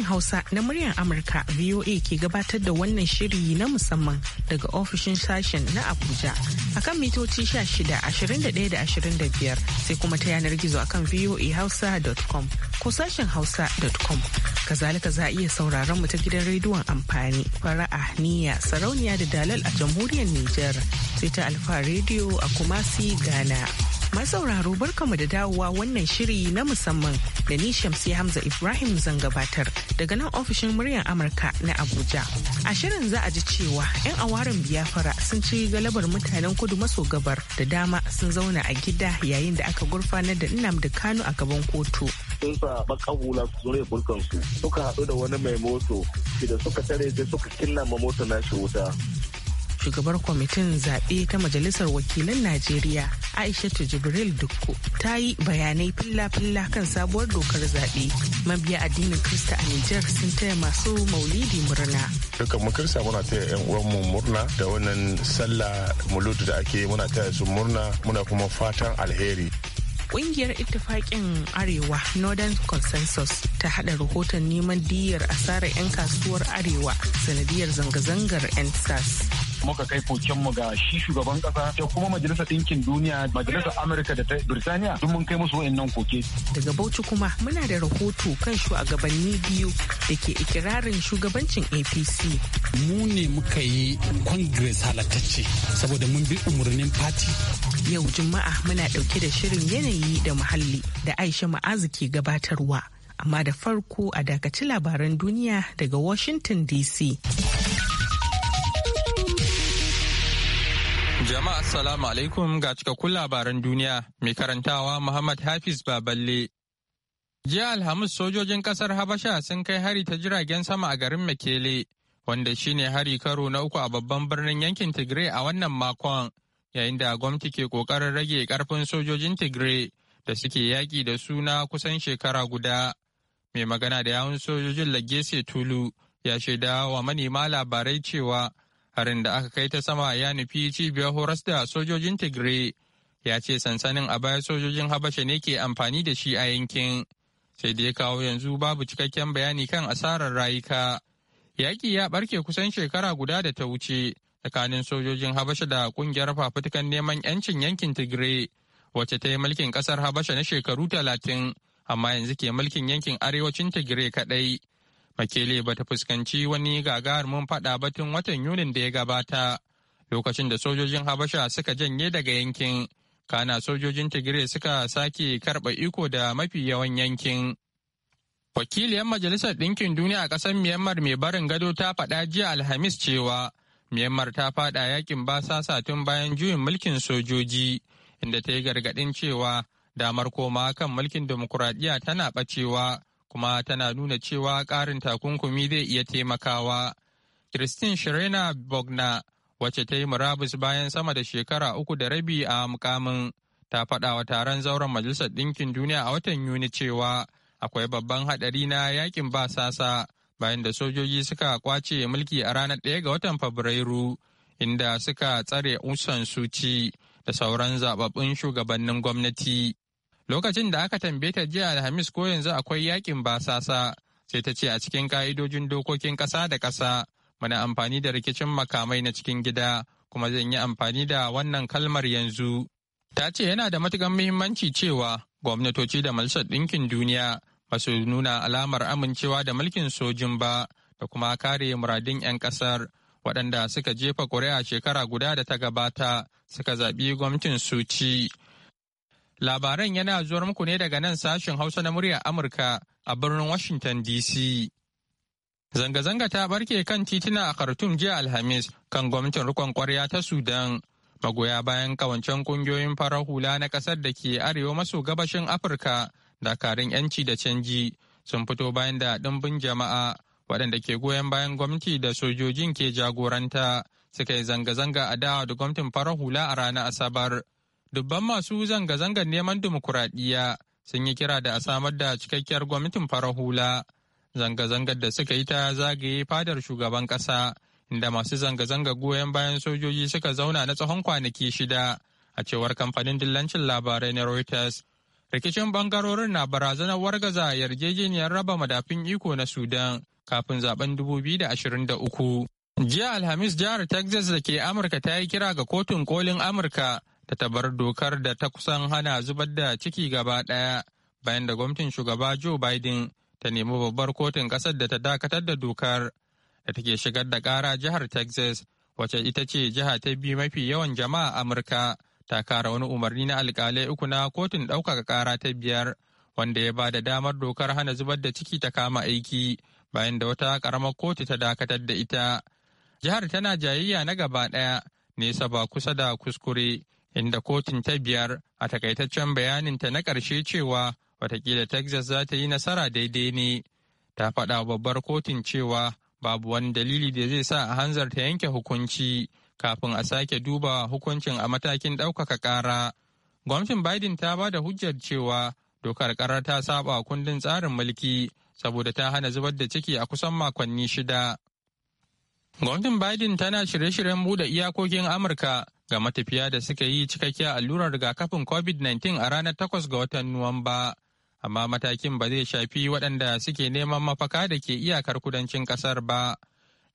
sashen Hausa na muryar Amurka VOA ke gabatar da wannan shiri na musamman daga ofishin sashen na Abuja akan mitoci 16, 21 da da biyar sai kuma ta yanar gizo akan voahausa.com ko sashen hausa.com. Kazalika za a iya sauraron mu ta gidan rediyon amfani fara'a niyya sarauniya da dalal a jamhuriyar Nijar sai ta alfa rediyo a Kumasi Ghana. Mai Masauraro barkamu da dawowa wannan shiri na musamman da ni Shamsi Hamza Ibrahim zan gabatar daga nan ofishin muryar Amurka na Abuja. A shirin za a ji cewa 'yan awarin biyafara sun ci galabar mutanen kudu maso gabar da dama sun zauna a gida yayin da aka gurfanar da Nnamdi Kanu a gaban kotu. Sun sa makabula su zure bulkansu suka haɗu da wani mai moto da suka tare sai suka killa ma moto nashi wuta. shugabar kwamitin zaɓe ta majalisar wakilan najeriya aishatu jibril dukku ta yi bayanai filla-filla kan sabuwar dokar zaɓe mabiya addinin krista a nijar sun taya masu maulidi murna duka mu kirista muna taya yan uwanmu murna da wannan sallah muludu da ake muna taya su murna muna kuma fatan alheri Ƙungiyar ittifaƙin arewa northern consensus ta haɗa rahoton neman diyar asarar 'yan kasuwar arewa sanadiyar zanga-zangar 'yan muka kai mu ga shi shugaban kasa da kuma majalisar ɗinkin duniya majalisar amurka da ta birtaniya duk mun kai musu wa'annan koke daga bauchi kuma muna da rahoto kan shugabanni biyu da ke ikirarin shugabancin apc mu ne muka yi congress halatacce saboda mun bi umarnin party yau juma'a muna ɗauke da shirin yanayi da muhalli da aisha ma'azu ke gabatarwa amma da farko a dakaci labaran duniya daga washington dc Jama'a Assalamu alaikum ga cikakkun labaran duniya mai karantawa Muhammad Hafiz Baballe. Jiya Alhamis sojojin kasar Habasha sun kai hari ta jiragen sama a garin Mekele, wanda shine hari karo na uku a babban birnin yankin Tigray a wannan makon, yayin da gwamnati ke kokarin rage karfin sojojin Tigray da suke yaƙi da suna kusan shekara guda. Mai magana da yawun sojojin Lagese Tulu ya shaida wa manema labarai cewa harin da aka kai ta sama ya nufi cibiyar horas da sojojin tigray ya ce sansanin a baya sojojin habasha ne ke amfani da shi a yankin sai da ya kawo yanzu babu cikakken bayani kan asarar rayuka yaƙi ya ɓarke kusan shekara guda da ta wuce tsakanin sojojin habasha da ƙungiyar fafutukan neman 'yancin yankin tigray wacce ta yi mulkin ƙasar habasha na shekaru talatin amma yanzu ke mulkin yankin arewacin tigray kaɗai makele ba ta fuskanci wani gagarumin fada batun watan yunin da ya gabata lokacin da sojojin habasha suka janye daga yankin kana sojojin tigray suka sake karɓa iko da mafi yawan yankin wakiliyar majalisar ɗinkin duniya a ƙasar myanmar mai barin gado ta faɗa jiya alhamis cewa myanmar ta faɗa yakin basasa tun bayan juyin mulkin sojoji inda ta yi gargaɗin cewa damar koma kan mulkin demokuraɗiyya tana ɓacewa kuma tana nuna cewa ƙarin takunkumi zai iya taimakawa. Christine Shirena Bogna wacce ta yi murabus bayan sama da shekara uku da rabi a mukamin ta faɗa wa taron zauren majalisar ɗinkin duniya a watan Yuni cewa akwai babban haɗari na yakin ba sasa bayan da sojoji suka kwace mulki a ranar ɗaya ga watan Fabrairu inda suka tsare usan suci da sauran zababbun shugabannin gwamnati. Lokacin da aka tambaye ta jiya Alhamis ko yanzu akwai yakin basasa sai ta ce a cikin ka'idojin dokokin ƙasa da ƙasa muna amfani da rikicin makamai na cikin gida kuma zan yi amfani da wannan kalmar yanzu. Ta ce yana da matukan muhimmanci cewa gwamnatoci da Majalisar Ɗinkin Duniya ba su nuna alamar amincewa da mulkin sojin ba da kuma kare muradin 'yan kasar waɗanda suka jefa ƙuri'a shekara guda da ta gabata suka zaɓi gwamnatin Suci. Labaran yana zuwar muku ne daga nan sashen Hausa na muryar Amurka a birnin Washington DC. Zanga-zanga ta barke kan titina a Khartoum jiya Alhamis kan gwamnatin rikon kwarya ta Sudan. Magoya bayan kawancen kungiyoyin farar hula na ƙasar da ke arewa maso gabashin Afirka karin 'yanci da canji sun fito bayan da ɗimbin jama'a waɗanda ke goyon bayan gwamnati da sojojin ke jagoranta suka yi zanga-zanga a dawa da gwamnatin farar hula a ranar Asabar. dubban masu zanga-zangar neman dimokuraɗiyya sun yi kira da a samar da cikakkiyar gwamnatin farar hula zanga-zangar da suka yi ta zagaye fadar shugaban ƙasa inda masu zanga-zanga goyon bayan sojoji suka zauna na tsawon kwanaki shida a cewar kamfanin dillancin labarai na reuters rikicin bangarorin na barazanar wargaza yarjejeniyar raba madafin iko na sudan kafin zaben uku. jiya alhamis jihar texas da ke amurka ta yi kira ga kotun kolin amurka da ta bar dokar da ta kusan hana zubar da ciki gaba ɗaya bayan da gwamnatin shugaba Joe Biden ta nemi babbar kotun ƙasar da ta dakatar da dokar da take shigar da ƙara jihar Texas wacce ita ce jiha ta biyu mafi yawan jama'a Amurka ta kara wani umarni na alƙalai uku na kotun ɗaukaka ƙara ta biyar wanda ya ba da damar dokar hana zubar da ciki ta kama aiki bayan da wata ƙaramar kotu ta dakatar da ita. Jihar tana jayayya na gaba ɗaya nesa ba kusa da kuskure inda kotun ta biyar a takaitaccen bayaninta na ƙarshe cewa watakila Texas za ta yi nasara daidai ne. Ta faɗa babbar kotun cewa babu wani dalili da zai sa a hanzarta yanke hukunci kafin a sake duba hukuncin a matakin ɗaukaka ƙara. Gwamnatin Biden ta ba da hujjar cewa dokar ƙarar ta saba kundin tsarin mulki saboda ta hana zubar da ciki a kusan makonni shida. Gwamnatin Biden tana shirye-shiryen buɗe iyakokin Amurka ga matafiya da suka yi cikakkiya allurar rigakafin covid-19 a ranar 8 ga watan nuwamba amma matakin ba zai shafi waɗanda suke neman mafaka da ke iyakar kudancin ƙasar ba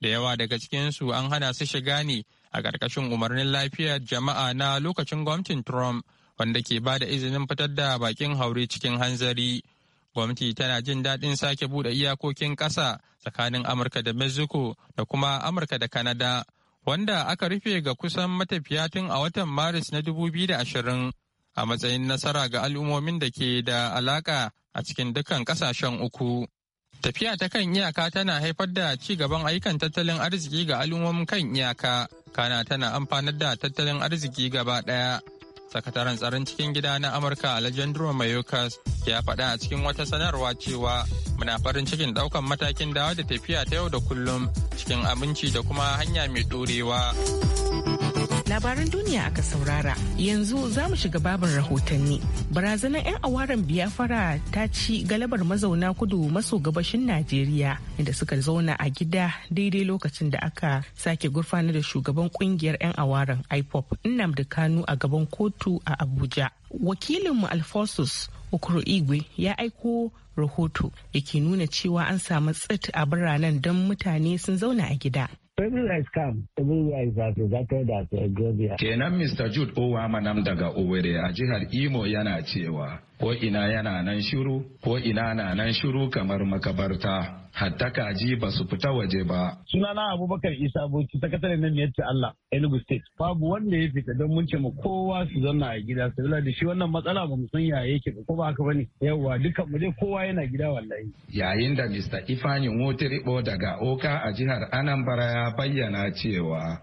da yawa daga cikinsu an hana su shiga ne a ƙarƙashin umarnin lafiyar jama'a na lokacin gwamnatin trump wanda ke ba da izinin fitar da bakin haure cikin hanzari gwamnati tana jin daɗin sake buɗe iyakokin ƙasa tsakanin amurka da mexico da kuma amurka da canada wanda aka rufe ga kusan matafiya tun a watan Maris na 2020 a matsayin nasara ga al'ummomin da ke da alaka a cikin dukkan kasashen uku. Tafiya ta kan iyaka tana haifar da ci gaban ayyukan tattalin arziki ga al'ummomin kan iyaka, kana tana amfanar da tattalin arziki gaba ɗaya. sakataren tsaron cikin gida na amurka alejandro mayorkas ya faɗa a cikin wata sanarwa cewa muna farin cikin ɗaukan matakin dawa da tafiya ta yau da kullum cikin aminci da kuma hanya mai ɗorewa. labaran duniya aka saurara. Yanzu za mu shiga babin rahotanni. Barazanar 'yan awaren biyafara ta ci galabar mazauna kudu maso gabashin Najeriya inda suka zauna a gida daidai lokacin da aka sake gurfana da shugaban kungiyar 'yan awaren IPOP Nnamdi Kanu a gaban kotu a Abuja. Wakilinmu Alphonsus Okoro Igwe ya aiko rahoto da ke nuna cewa an samu tsit a biranen don mutane sun zauna a gida. Everywhere is calm. Everywhere is as exalted as Ethiopia. Kenan Mr. Jude Owa Manam daga Owerri a jihar Imo yana cewa ko ina yana nan shiru ko ina na nan shiru kamar makabarta hatta kaji ba su fita waje ba. Sunana Abubakar Isa Bauchi sakatare na Niyyar Allah Enugu State. Babu wanda ya fita don mun ce ma kowa su zanna a gida su da shi wannan matsala ba mu san ya yake ko ba haka bane. Yawwa dukkan mu dai kowa yana gida wallahi. Yayin da Mr. Ifani Motiribo daga Oka a jihar Anambra ya bayyana cewa.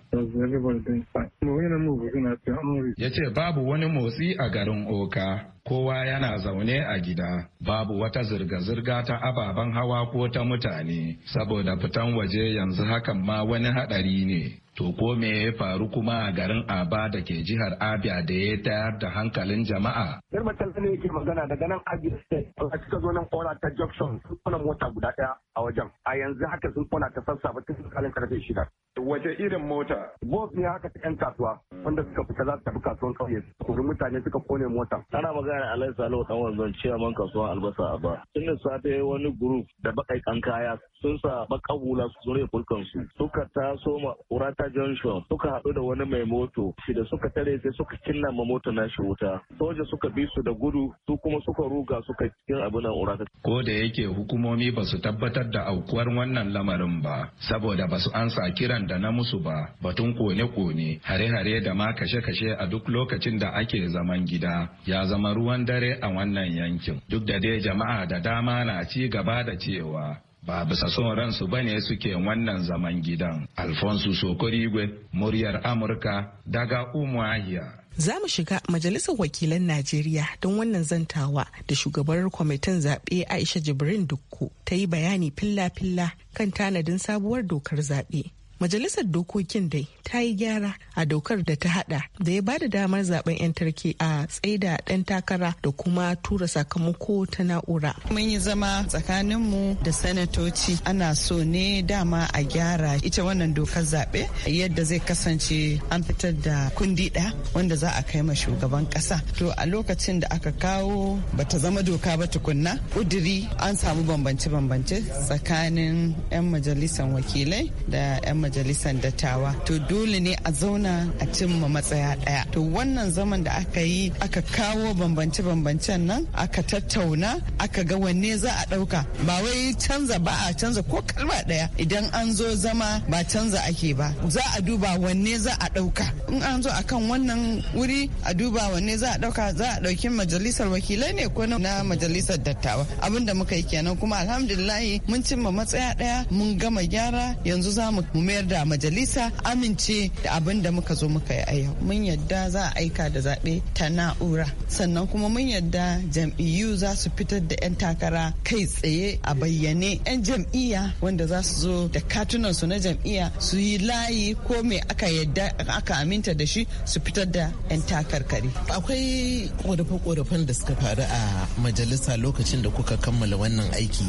Ya ce babu wani motsi a garin Oka. kowa yana zaune a gida babu wata zirga-zirga ta ababen hawa ko ta mutane saboda fitan waje yanzu hakan ma wani haɗari ne To ko me ya faru kuma a garin Aba da ke jihar Abia da ya tayar da hankalin jama'a? Yar mace ne yake magana daga nan Abia State a cika zonan Kora ta Jackson sun kona mota guda ɗaya a wajen. A yanzu haka sun kona ta sassa ba tun kalin karfe shida. Wace irin mota? Bos ne haka ta 'yan kasuwa wanda suka fita za su tafi kasuwan kauye. Kuri mutane suka kone mota. Ana magana Alain Salihu ɗan wanzan ciyaman kasuwan albasa a ba. Tun da safe wani grup da baƙaƙan kaya sun sa baƙa hula su zure fulkansu. Suka taso ma Eka Junction suka haɗu da wani mai moto shi da suka tare sai suka cinna ma mota na shi wuta. Soja suka bi su da gudu su kuma suka ruga suka cikin abin urata. Ko da yake hukumomi ba su tabbatar da aukuwar wannan lamarin ba saboda ba su ansa kiran da na musu ba batun kone-kone hare-hare da ma kashe-kashe a duk lokacin da ake zaman gida ya zama ruwan dare a wannan yankin. Duk da dai jama'a da dama na ci gaba da cewa ba bisa son ransu ba ne suke wannan zaman gidan. Alfonso Sokorigwe, muryar Amurka daga Umuahia. za mu shiga majalisar wakilan najeriya don wannan zantawa da shugabar kwamitin zaɓe aisha jibrin dukku ta yi bayani filla-filla kan tanadin sabuwar dokar zaɓe Majalisar dokokin dai ta yi gyara a dokar da ta hada da ya ba da damar zaben 'yan tarki a tsaida dan takara da kuma tura sakamako ta na'ura. Mun yi zama tsakaninmu da sanatoci ana so ne dama a gyara ita wannan dokar zaɓe yadda zai kasance an fitar da kundi ɗaya wanda za a kai ma shugaban ƙasa. To a lokacin da aka kawo bata zama doka ba tukunna ƙuduri an samu bambance-bambance tsakanin 'yan majalisar wakilai da 'yan majalisar dattawa to dole ne a zauna a cimma matsaya daya to wannan zaman da aka yi aka kawo bambance-bambancen nan aka tattauna aka ga wanne za a dauka ba wai canza ba a canza ko kalma daya idan an zo zama ba canza ake ba za a duba wanne za a dauka in an zo akan wannan wuri a duba wanne za a dauka za a dauki majalisar wakilai ne ko na majalisar dattawa abin da muka yi kenan kuma alhamdulillahi mun cimma matsaya daya mun gama gyara yanzu za mu mayar sanar da majalisa amince da abin da muka zo muka yi a yau mun yadda za a aika da zaɓe ta na'ura sannan kuma mun yadda jam'iyyu za su fitar da 'yan takara kai tsaye a bayyane 'yan jam'iyya wanda za su zo da katunan su na jam'iyya su yi layi ko me aka yadda aka aminta da shi su fitar da 'yan takarkari akwai korafe-korafen da suka faru a majalisa lokacin da kuka kammala wannan aiki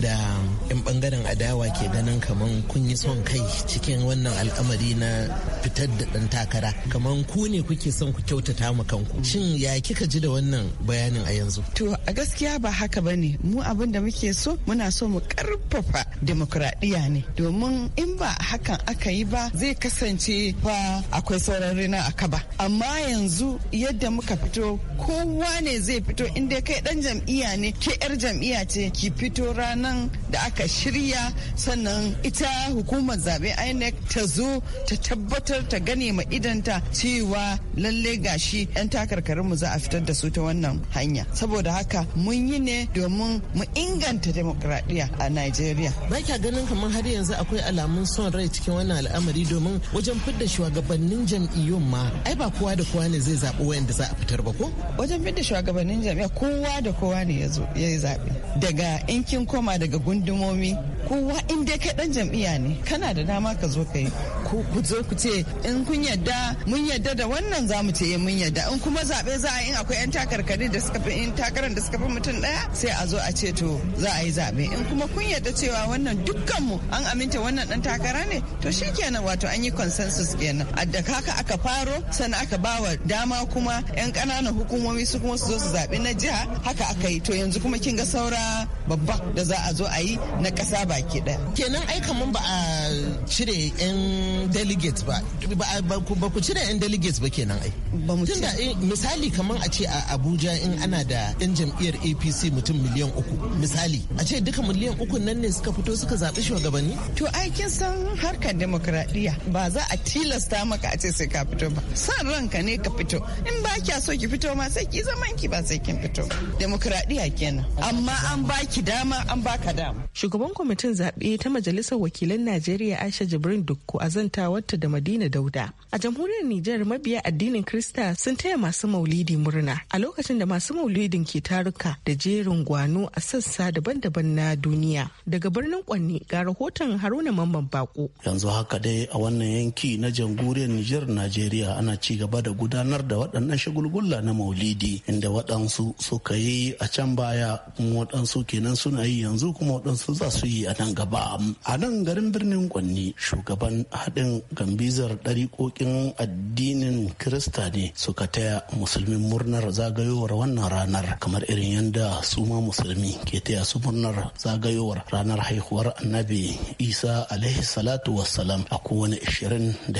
da 'yan bangaren adawa ke ganin kaman kun yi son kai cikin wannan al'amari na fitar da ɗan takara kamar ku ne kuke son ku kyautata mu kanku shin ya kika ji da wannan bayanin a yanzu to a gaskiya ba haka bane mu abin da muke so muna so mu karfafa demokradiyya ne domin in ba hakan aka yi ba zai kasance ba akwai sauran rina a kaba amma yanzu yadda muka fito kowa ne zai fito inda kai dan jam'iyya ne ke yar jam'iyya ce ki fito ranan da aka shirya sannan ita hukumar zabe zaɓe INEC ta zo ta tabbatar ta gane ma idanta cewa lalle gashi 'yan takarkarinmu za a fitar da su ta wannan hanya. Saboda haka mun yi ne domin mu inganta demokradiyya a Najeriya. Ba kya ganin kamar har yanzu akwai alamun son rai cikin wannan al'amari domin wajen fidda shugabannin jam'iyyun ma ai ba kowa da kowa ne zai zaɓi wayanda za a fitar ba ko? Wajen fidda shugabannin jam'iyya kowa da kowa ne ya ya yi zaɓe. Daga inkin koma daga gundumomi kowa in dai kai ɗan jam'iyya ne kana da rana ma ka zo ka yi ku zo ku ce in kun yadda mun yadda da wannan za mu ce eh, mun yadda in kuma zaɓe za a yi akwai 'yan takarkari da suka fi in takarar da suka fi mutum ɗaya sai a zo a ce to za a yi zaɓe in kuma kun yadda cewa wannan dukkanmu an aminta wannan ɗan takara ne to shi kenan wato an yi consensus kenan a da kaka aka faro sannan aka wa dama kuma 'yan ƙananan hukumomi su kuma su zo su zaɓi na jiha haka aka yi to yanzu kuma kin ga saura babba da za a zo a yi na ƙasa baki ɗaya kenan ai mun ba a cire yan delegates ba ba ku cire yan delegates ba kenan ai tunda eh, misali kamar a ce a abuja in ana da yan jam'iyyar apc mutum miliyan uku misali a ce duka miliyan uku nan ne suka fito suka zaɓi shugabanni to ai kin san harkar demokradiyya ba za a tilasta maka a ce sai ka fito ba san ranka ne ka fito in ba kya so ki fito ma sai ki zaman ki ba sai kin fito demokradiyya kenan amma an baki dama an baka dama shugaban kwamitin zaɓe ta majalisar wakilan najeriya Aisha Jibrin Dukku a wata da Madina Dauda. A jamhuriyar Nijar mabiya addinin Krista sun taya masu maulidi murna a lokacin da masu maulidin ke taruka da jerin gwano a sassa daban-daban na duniya. Daga birnin Kwanni ga rahoton Haruna Mamman Bako. Yanzu haka dai a wannan yanki na jamhuriyar Nijar Najeriya ana ci gaba da gudanar da waɗannan shagulgulla na maulidi inda waɗansu suka yi a can baya kuma waɗansu kenan suna yi yanzu kuma waɗansu za su yi a nan gaba. A nan garin birnin Kwanni shugaban haɗin gambizar ɗariƙoƙin addinin Kirista ne suka taya musulmin murnar zagayowar wannan ranar kamar irin yadda su ma musulmi ke taya su murnar zagayowar ranar haihuwar annabi Isa alaihi salatu wassalam a kowane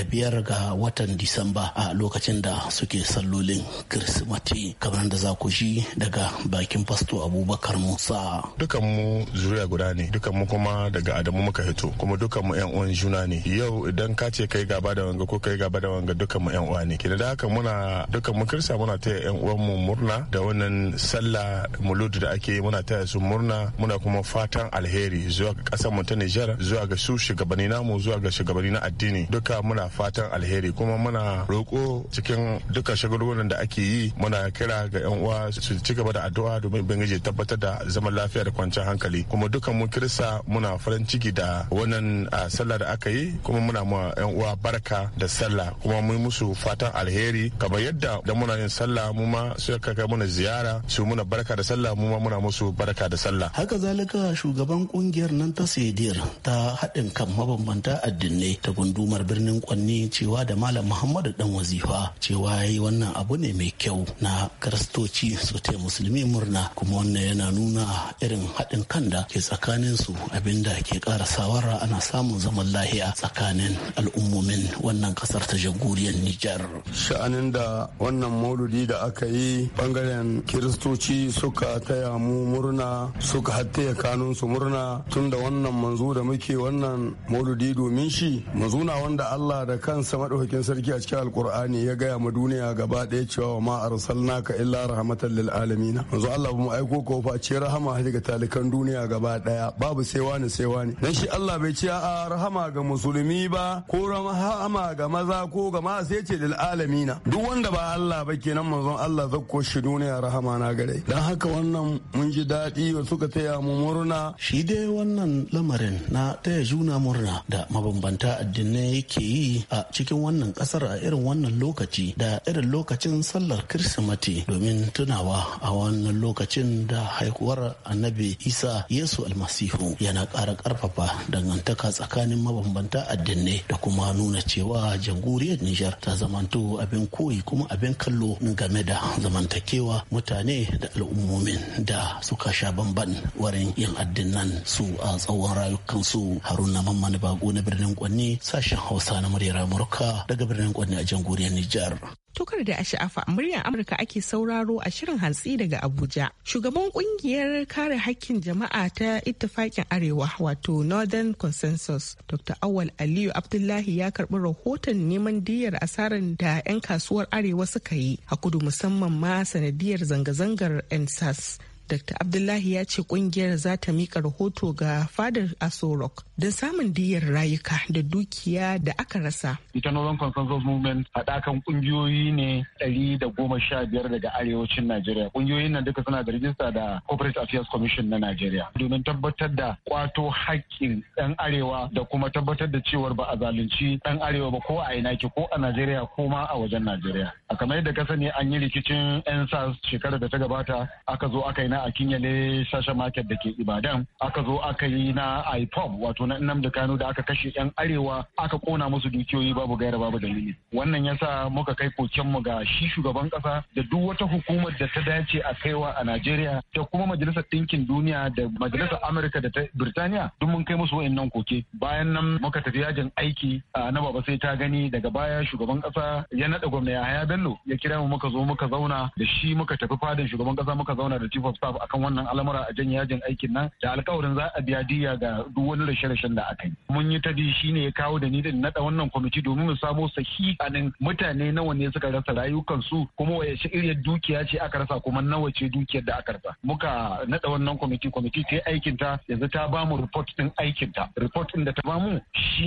biyar ga watan Disamba a lokacin da suke sallolin Kirsimati kamar da za ku ji daga bakin fasto Abubakar Musa. Dukan mu zuriya guda ne, dukan mu kuma daga Adamu muka hito, kuma dukan mu 'yan juna ne yau idan ka ce kai gaba da wanga ko kai gaba da wanga dukan mu yan uwa ne kina da haka muna dukan mu kirsa muna taya yan uwan mu murna da wannan sallah mulud da ake muna taya su murna muna kuma fatan alheri zuwa ga kasar mu ta Niger zuwa ga su shugabanni namu zuwa ga shugabanni na addini duka muna fatan alheri kuma muna roko cikin duka shagulgulan da ake yi muna kira ga yan uwa su ci gaba da addu'a domin ubangiji tabbatar da zaman lafiya da kwanciyar hankali kuma dukan mu kirsa muna farin ciki da wannan ah, sallah da da aka yi kuma muna ma yan uwa barka da sallah kuma mun musu fatan alheri kamar yadda da muna yin sallah mu ma ka kai muna ziyara su muna barka da sallah mu ma muna musu barka da sallah haka zalika shugaban kungiyar nan ta sedir ta haɗin kan mabambanta addinai ta gundumar birnin kwanni cewa da malam muhammadu dan wazifa cewa yayi wannan abu ne mai kyau na kiristoci su musulmi murna kuma wannan yana nuna irin haɗin kan da ke tsakanin tsakaninsu abinda ke ƙara sawara ana samun zaman lahiya tsakanin al'ummomin wannan kasar ta jamhuriyar Nijar. Sha'anin da wannan mauludi da aka yi bangaren kiristoci suka taya mu murna suka hattaya kanun su murna tun da wannan manzo da muke wannan mauludi domin shi manzuna wanda Allah da kansa madaukakin sarki a cikin alkur'ani ya gaya ma duniya gaba ɗaya cewa ma arsalnaka illa rahmatan lil alamin manzo Allah mu aiko ko fa ce rahama ga talikan duniya gaba ɗaya babu sai wani sai wani dan shi Allah bai ce a rahama ga musulmi ba ko rahama ga maza ko ga ma sai ce lil alamina duk wanda ba Allah ba kenan manzon Allah zakko shi duniya rahama na gare dan haka wannan mun ji dadi wa suka taya mu murna shi dai wannan lamarin na taya juna murna da mabambanta addinai yake yi a cikin wannan kasar a irin wannan lokaci da irin lokacin sallar kirsimati domin tunawa a wannan lokacin da haikuwar annabi isa yesu almasihu yana ƙara ƙarfafa dangantaka tsakanin mabambanta addinai da kuma nuna cewa jamhuriyar Nijar ta zamanto abin koyi kuma abin kallo game da zamantakewa mutane da al'ummomin da suka sha bamban warin yin addinan su a tsawon rayukansu haruna mamman bago na birnin kwanni sashen hausa na muryar amurka daga birnin kwanni a jamhuriyar Nijar. Tukar da Asha'afa muryar Amurka ake sauraro a shirin hantsi daga Abuja. Shugaban kungiyar kare hakkin jama'a ta ittifakin Arewa wato Northern Consensus Dr. Awal Aliyu Abdullahi ya karɓi rahoton neman diyar asarar da 'yan kasuwar Arewa suka yi a kudu musamman ma sanadiyar zanga-zangar NSAS. Dr. Abdullahi ya ce kungiyar za ta mika rahoto ga fadar Aso Rock don samun diyar rayuka da dukiya da aka rasa. Ita Northern Consensus Movement haɗakan kungiyoyi ne ɗari da goma sha biyar daga arewacin Najeriya. Kungiyoyin nan duka suna da rijista da Corporate Affairs Commission na Najeriya domin tabbatar da kwato haƙƙin ɗan arewa da kuma tabbatar da cewar ba a zalunci ɗan arewa ba ko a Inaki ko a Najeriya ko ma a wajen Najeriya. A kamar yadda ka sani an yi rikicin 'yan shekarar da ta gabata aka zo aka yi na a kinyale sasha market da ke ibadan aka zo aka yi na ipob wato na da kano da aka kashe yan arewa aka kona musu dukiyoyi babu gaira babu dalili wannan yasa muka kai koken mu ga shi shugaban kasa da duk wata hukumar da ta dace a kaiwa a najeriya da kuma majalisar ɗinkin duniya da majalisar amurka da ta birtaniya duk mun kai musu wa'annan koke bayan nan muka tafi yajin aiki na baba sai ta gani daga baya shugaban kasa ya naɗa gwamna ya haya bello ya kira mu muka zo muka zauna da shi muka tafi fadin shugaban kasa muka zauna da chief of staff akan wannan al'amura a janye yajin aikin nan da alkawarin za a biya diya ga duk wani rashe-rashen da aka yi mun yi ta shi ne ya kawo da ni da naɗa wannan kwamiti domin mu samo sahihanin mutane nawa ne suka rasa rayukansu kuma waye shi dukiya ce aka rasa kuma nawa ce dukiyar da aka rasa muka naɗa wannan kwamiti kwamiti ta yi aikin ta yanzu ta ba mu report din aikinta ta report din da ta ba mu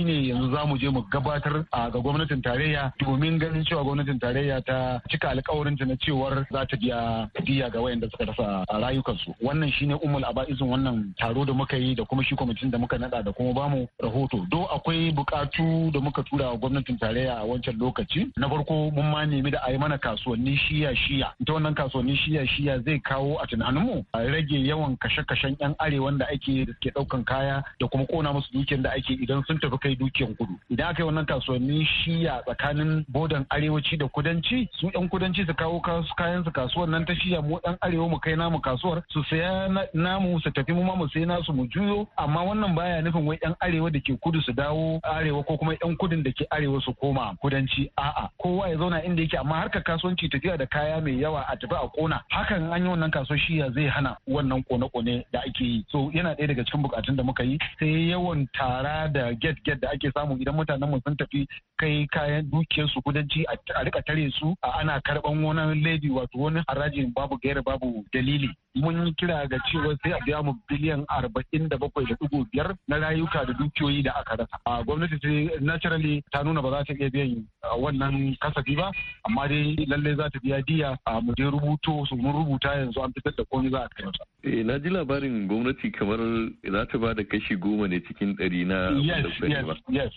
ne yanzu za mu je mu gabatar a ga gwamnatin tarayya domin ganin cewa gwamnatin tarayya ta cika alƙawarin ta na cewar za ta biya diya ga wayanda suka rasa rayukansu wannan shine umul izin wannan taro da muka yi da kuma shi kwamitin da muka nada da kuma bamu rahoto do akwai bukatu da muka tura wa gwamnatin tarayya a wancan lokaci na farko mun ma nemi da a yi mana kasuwanni shiya shiya ita wannan kasuwanni shiya shiya zai kawo a tunaninmu rage yawan kashe-kashen yan arewan da ake da suke daukan kaya da kuma kona musu dukiyar da ake idan sun tafi kai dukiyar kudu idan aka yi wannan kasuwanni shiya tsakanin bodan arewaci da kudanci su yan kudanci su kawo kayan su kasuwan nan ta shiya mu dan arewa mu kai namu kasuwa kasuwar su saya namu su tafi mu ma mu sai nasu mu juyo amma wannan baya nufin wai yan arewa da ke kudu su dawo arewa ko kuma yan kudin da ke arewa su koma kudanci a'a kowa ya zauna inda yake amma harkar kasuwanci tafiya da kaya mai yawa a tafi a kona hakan an yi wannan shi ya zai hana wannan kone-kone da ake yi so yana ɗaya daga cikin bukatun da muka yi sai yawan tara da get-get da ake samu idan mutanen mu sun tafi kai kayan dukiyarsu kudanci a rika tare su ana karban wani lady wato wani haraji babu gaira babu dalili mun yi kira ga cewa sai a biya mu biliyan arba'in da bakwai da dugu biyar na rayuka da dukiyoyi da aka rasa. A gwamnati ce naturally ta nuna ba za ta iya biyan uh, wannan kasafi ba amma dai lallai za ta biya diya a uh, mu je rubuto su mun rubuta yanzu an fitar da komai za a kai Eh na ji labarin gwamnati kamar za ta ba da kashi goma ne cikin ɗari na. Yes yes yes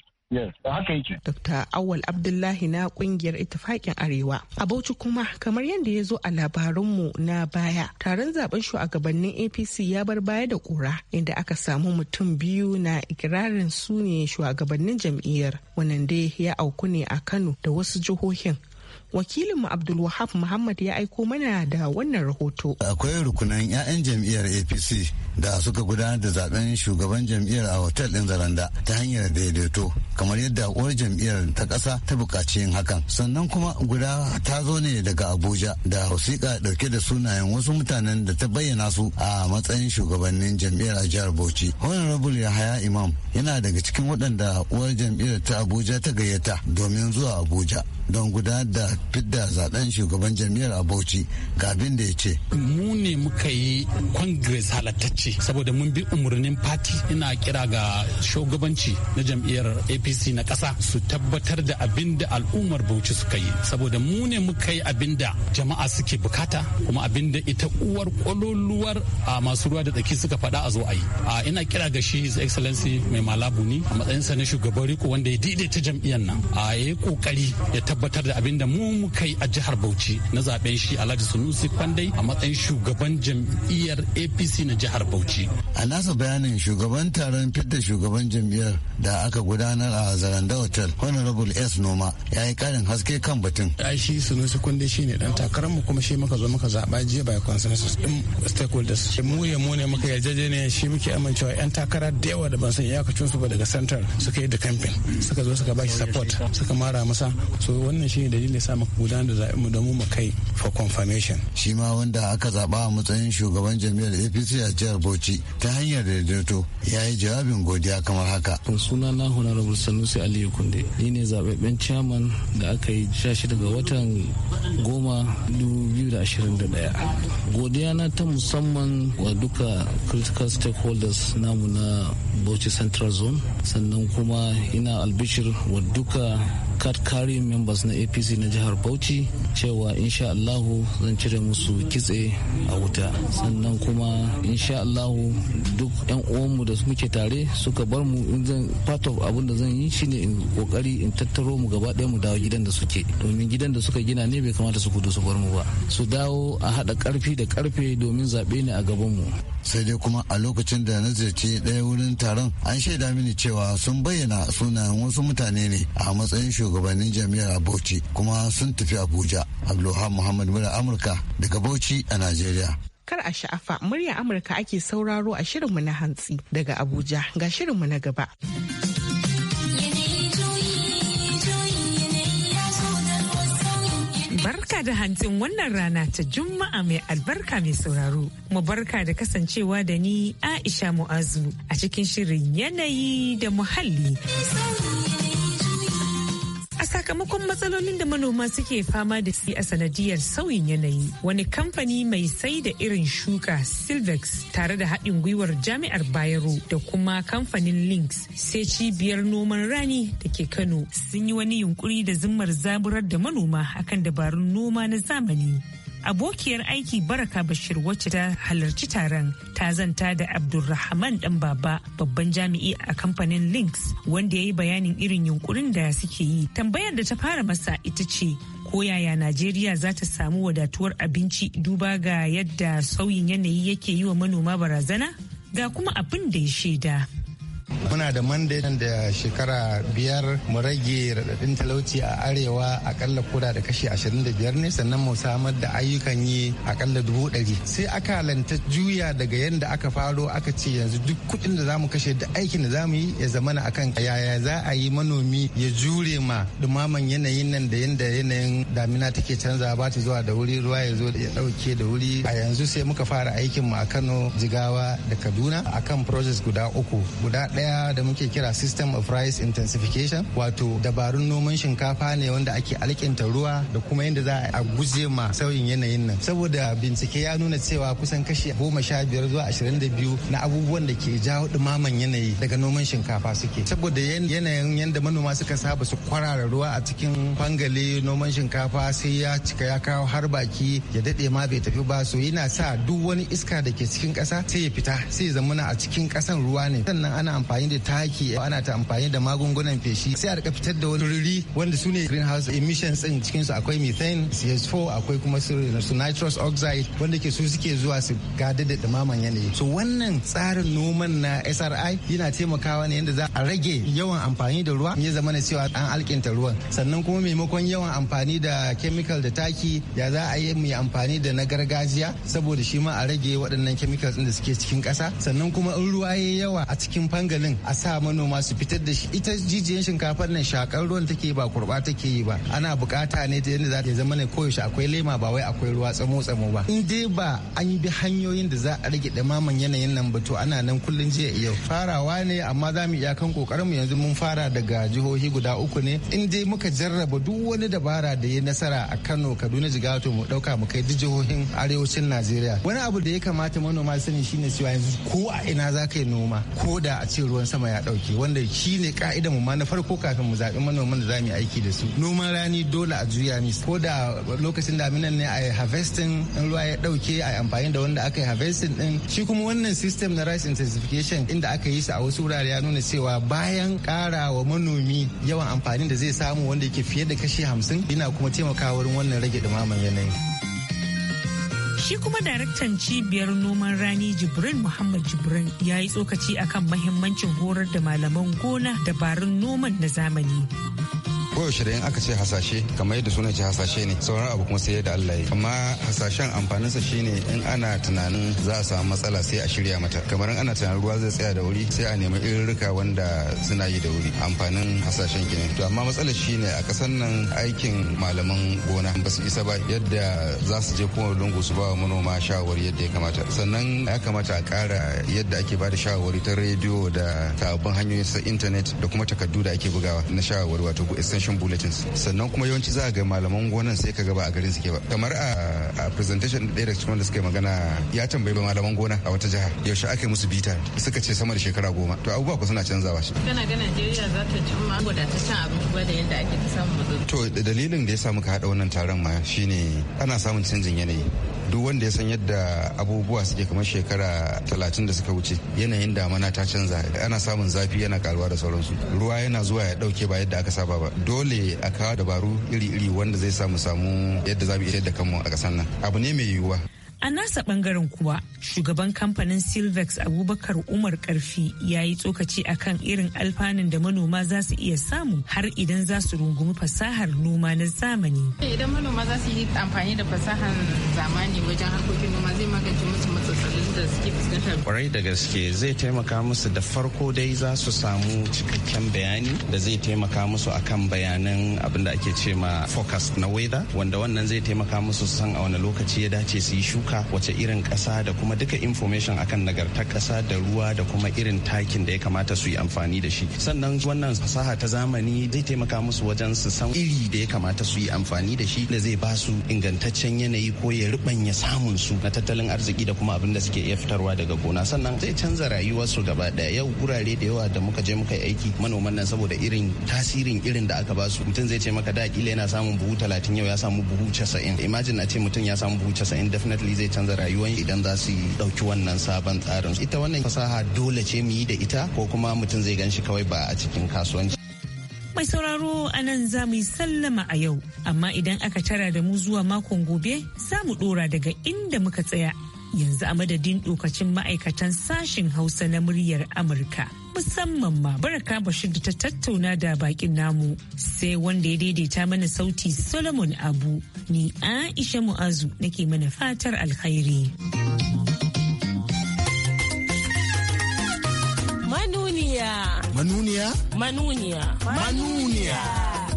Dokta Awal Abdullahi na kungiyar itifakin Arewa. A Bauchi kuma kamar yadda ya zo a labarunmu na baya, taron zaben shugabannin APC ya bar baya da kura inda aka samu mutum biyu na ikirarin su ne shugabannin jam'iyyar. Wannan ya auku ne a Kano da wasu jihohin wakilin wakilinmu abdulwahab muhammad ya aiko mana da wannan rahoto akwai rukunan 'ya'yan jam'iyyar apc da suka gudanar da zaben shugaban jam'iyyar a hotel din zaranda ta hanyar daidaito kamar yadda uwar jam'iyyar ta kasa ta buƙaci yin hakan sannan kuma guda ta zo ne daga abuja da wasiƙa ɗauke da sunayen wasu mutanen da ta bayyana su a matsayin shugabannin jam'iyyar a jihar bauchi honorable yahaya imam yana daga cikin waɗanda uwar jam'iyyar ta abuja ta gayyata domin zuwa abuja don gudanar da fidda zaben shugaban jam'iyyar a Bauchi ga abin da ya ce. Mu ne muka yi congress halattacce saboda mun bi umarnin party ina kira ga shugabanci na jam'iyyar APC na kasa su tabbatar da abin da al'ummar Bauchi suka yi saboda mu ne muka yi abin da jama'a suke bukata kuma abin da ita uwar kwaloluwar a masu ruwa da tsaki suka faɗa a zo a yi. A ina kira ga shi His Excellency mai malabu ne a matsayinsa na shugaban riko wanda ya daidaita jam'iyyar nan. A yi kokari ya tabbatar da abin da mu mu muka yi a jihar Bauchi na zaben shi Alhaji Sunusi Kwandai a matsayin shugaban jam'iyyar APC na jihar Bauchi. A nasa bayanin shugaban taron fidda shugaban jam'iyyar da aka gudanar a Zaranda Hotel Honorable S Noma ya yi karin haske kan batun. Ai shi Sunusi Kwandai shine dan mu kuma shi muka zo muka zaba jiya by consensus din stakeholders. Mu ya mu ne muka ne shi muke amincewa yan takara da yawa da ban san iyakacin su ba daga center suka yi da campaign suka zo suka ba shi support suka mara masa so wannan shine dalilin sa sa muka gudanar da mu da mu kai for confirmation. Shi ma wanda aka zaɓa a matsayin shugaban jami'ar APC a jihar Bauchi ta hanyar daidaito ya yi jawabin godiya kamar haka. Suna na Honorable Sanusi Aliyu Kunde ni ne zaɓaɓɓen chairman da aka yi 16 ga watan goma 2021. Godiya na ta musamman wa duka critical stakeholders namu na Bauchi Central Zone sannan kuma ina albishir wa duka carrying members na apc na jihar bauchi cewa insha allahu zan cire musu kitse a wuta sannan kuma insha allahu duk yan uwanmu da muke tare suka bar mu in zan part of abin da zan yi shine in kokari in tattaro mu gaba ɗaya mu dawo gidan da suke domin gidan da suka gina ne bai kamata su kudu su bar mu ba su dawo a haɗa karfi da karfe domin zaɓe ne a gaban mu sai dai kuma a lokacin da na ziyarci ɗaya wurin taron an shaida mini cewa sun bayyana sunayen wasu mutane ne a matsayin shugabannin jami'ar bauchi kuma sun tafi abuja abdulhamid muhammad mura amurka daga bauchi a najeriya kar a sha'afa murya amurka ake sauraro a shirinmu na hantsi daga abuja ga shirinmu na gaba. Barka da hantin wannan rana ta Juma'a mai albarka mai sauraro. Mu barka da kasancewa da ni Aisha Mu'azu a cikin shirin yanayi da muhalli. sakamakon matsalolin da manoma suke fama da su a sanadiyar sauyin yanayi wani kamfani mai sai da irin shuka silvex tare da haɗin gwiwar jami'ar bayero da kuma kamfanin links sai cibiyar noman rani da ke kano sun yi wani yunkuri da zimmar zaburar da manoma akan dabarun noma na zamani abokiyar aiki baraka bashir wacce ta halarci taron ta zanta da abdulrahman dan baba babban jami'i a kamfanin links wanda ya yi bayanin irin yunkurin da suke yi tambayar da ta fara masa ita ce ko yaya najeriya za ta samu wadatuwar abinci duba ga yadda sauyin yanayi yake yi wa manoma barazana ga kuma abin da ya shaida muna da mandate da shekara biyar mu rage radadin talauci a arewa akalla koda da kashi 25 ne sannan mu samar da ayyukan yi akalla dubu ɗari sai aka lanta juya daga yadda aka faro aka ce yanzu duk kuɗin da zamu kashe da aikin da zamu yi ya zamana akan yaya za a yi manomi ya jure ma dumaman yanayin nan da yanda yanayin damina take canza ba ta zuwa da wuri ruwa ya zo ya ɗauke da wuri a yanzu sai muka fara aikin mu a Kano Jigawa da Kaduna akan projects guda uku guda ɗaya ɗaya da muke kira system of rice intensification wato dabarun noman shinkafa ne wanda ake alkinta ruwa da kuma yadda za a guje ma sauyin yanayin nan saboda bincike ya nuna cewa kusan kashi goma sha biyar zuwa ashirin da biyu na abubuwan da ke jawo dumaman yanayi daga noman shinkafa suke saboda yanayin yadda manoma suka saba su kwarara ruwa a cikin fangale noman shinkafa sai ya cika ya kawo har baki ya daɗe ma bai tafi ba so yana sa duk wani iska da ke cikin ƙasa sai ya fita sai ya zamana a cikin ƙasan ruwa ne sannan ana amfani da taki ana ta amfani da magungunan feshi sai a fitar da wani ruri wanda su ne greenhouse emissions din cikin su akwai methane cs4 akwai kuma su nitrous oxide wanda ke su suke zuwa su gada da dumaman yanayi so wannan tsarin noman na sri yana taimakawa ne yadda za a rage yawan amfani da ruwa ya zama cewa an alkinta ruwan sannan kuma maimakon yawan amfani da chemical da taki ya za a yi mu amfani da na gargajiya saboda shi ma a rage waɗannan chemicals din da suke cikin ƙasa sannan kuma in ruwa ya yawa a cikin fanga maganin a sa manoma su fitar da shi ita jijiyan shinkafar nan shakar ruwan take ba kurba take yi ba ana bukata ne ta yadda za ta zama ne koyaushe akwai lema ba wai akwai ruwa tsamo tsamo ba in dai ba an bi hanyoyin da za a rage damaman yanayin nan ba to ana nan kullun jiya yau farawa ne amma za mu iyakan kokarin mu yanzu mun fara daga jihohi guda uku ne in dai muka jarraba duk wani dabara da ya nasara a Kano Kaduna Jigawa to mu dauka mu kai duk jihohin arewacin Najeriya wani abu da ya kamata manoma sani shine cewa yanzu ko a ina za ka yi noma ko da a ce ce ruwan sama ya dauke wanda shi ne ka'ida mu ma na farko kafin mu zaɓi manoman da za mu aiki da su noman rani dole a juya ni ko da lokacin daminan ne a yi harvesting in ruwa ya dauke a amfani da wanda aka yi harvesting din shi kuma wannan system na rice intensification inda aka yi su a wasu wurare ya nuna cewa bayan kara wa manomi yawan amfanin da zai samu wanda yake fiye da kashi hamsin yana kuma taimakawa wurin wannan rage dumaman yanayi. Shi kuma daraktan cibiyar noman rani Jibrin Muhammad Jibrin ya yi tsokaci akan mahimmancin horar da malaman gona dabarun noman na zamani. koyaushe da in aka ce hasashe kamar yadda suna ce hasashe ne sauran abu kuma sai da Allah ya amma hasashen amfaninsa shine in ana tunanin za a samu matsala sai a shirya mata kamar in ana tunanin ruwa zai tsaya da wuri sai a nemi irirrika wanda suna yi da wuri amfanin hasashen kine to amma matsalar shine a kasan nan aikin malaman gona ba su isa ba yadda za su je kuma lungu su ba wa manoma shawari yadda ya kamata sannan ya kamata a kara yadda ake ba da shawari ta rediyo da sababbin hanyoyin sa intanet da kuma takardu da ake bugawa na shawari wato essential sashen bulletins sannan kuma yawanci za a ga malaman gonan sai ka gaba a garin suke ba kamar a presentation ɗaya da cikin da suka magana ya tambayi ba malaman gona a wata jiha yaushe aka yi musu bita suka ce sama da shekara goma to abubuwa ku suna canzawa shi kana ga Najeriya za ta cimma cin abinci ba da yadda ake samu to dalilin da ya sa muka haɗa wannan taron ma shine ana samun canjin yanayi duk wanda ya san yadda abubuwa suke kamar shekara talatin da suka wuce yanayin damana ta canza ana samun zafi yana karuwa da sauransu ruwa yana zuwa ya dauke ba yadda aka saba ba dole a kawo dabaru iri-iri wanda zai samu samu yadda za mu iya da kanmu a kasan nan abu ne mai yiwuwa A nasa bangaren kuwa, shugaban kamfanin Silvex Abubakar Umar Karfi ya yi tsokaci a kan irin alfanun da manoma za su iya samu har idan za su rungumi fasahar noma na zamani. Idan manoma za su yi amfani da fasahar zamani wajen harkokin noma zai magance musu matsalolin kwarai da gaske zai taimaka musu da farko dai za su samu cikakken bayani da zai taimaka musu akan bayanan abin ake ce ma focus na weather wanda wannan zai taimaka musu san a wani lokaci ya dace su yi shuka wace irin kasa da kuma duka information akan nagartar kasa da ruwa da kuma irin takin da ya kamata su yi amfani da shi sannan wannan fasaha ta zamani zai taimaka musu wajen su san iri da ya kamata su yi amfani da shi da zai ba su ingantaccen yanayi ko ya ruɓanya samun su na tattalin arziki da kuma abin da suke ya fitarwa daga gona sannan zai canza rayuwarsu gaba daya yau gurare da yawa da muka je muka yi aiki manoman nan saboda irin tasirin irin da aka basu mutum zai ce maka da kila yana samun buhu talatin yau ya samu buhu casa'in imagine na ce mutum ya samu buhu casa'in definitely zai canza rayuwar idan za su yi dauki wannan sabon tsarin ita wannan fasaha dole ce mu yi da ita ko kuma mutum zai gan shi kawai ba a cikin kasuwanci mai sauraro a nan za mu yi sallama a yau amma idan aka tara da mu zuwa makon gobe za mu ɗora daga inda muka tsaya yanzu a madadin dokacin ma'aikatan sashen hausa na muryar amurka musamman ma baraka bashir da ta tattauna da bakin namu sai wanda ya daidaita mana sauti solomon abu ni aisha mu'azu nake mana fatar alkhairi manuniya manuniya manuniya manuniya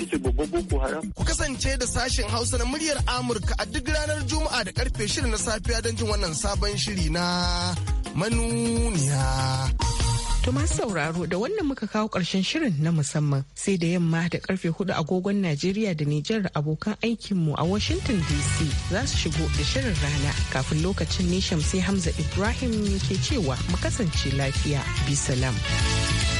ita babban boko haram. Ku kasance da sashen Hausa na muryar Amurka a duk ranar Juma'a da karfe shirin na safiya don jin wannan sabon shiri na manuniya. To masu sauraro da wannan muka kawo ƙarshen shirin na musamman sai da yamma da karfe hudu agogon Najeriya da Nijar abokan aikinmu a Washington DC za su shigo da shirin rana kafin lokacin ne sai Hamza Ibrahim ke cewa mu kasance lafiya. Bisalam. salam.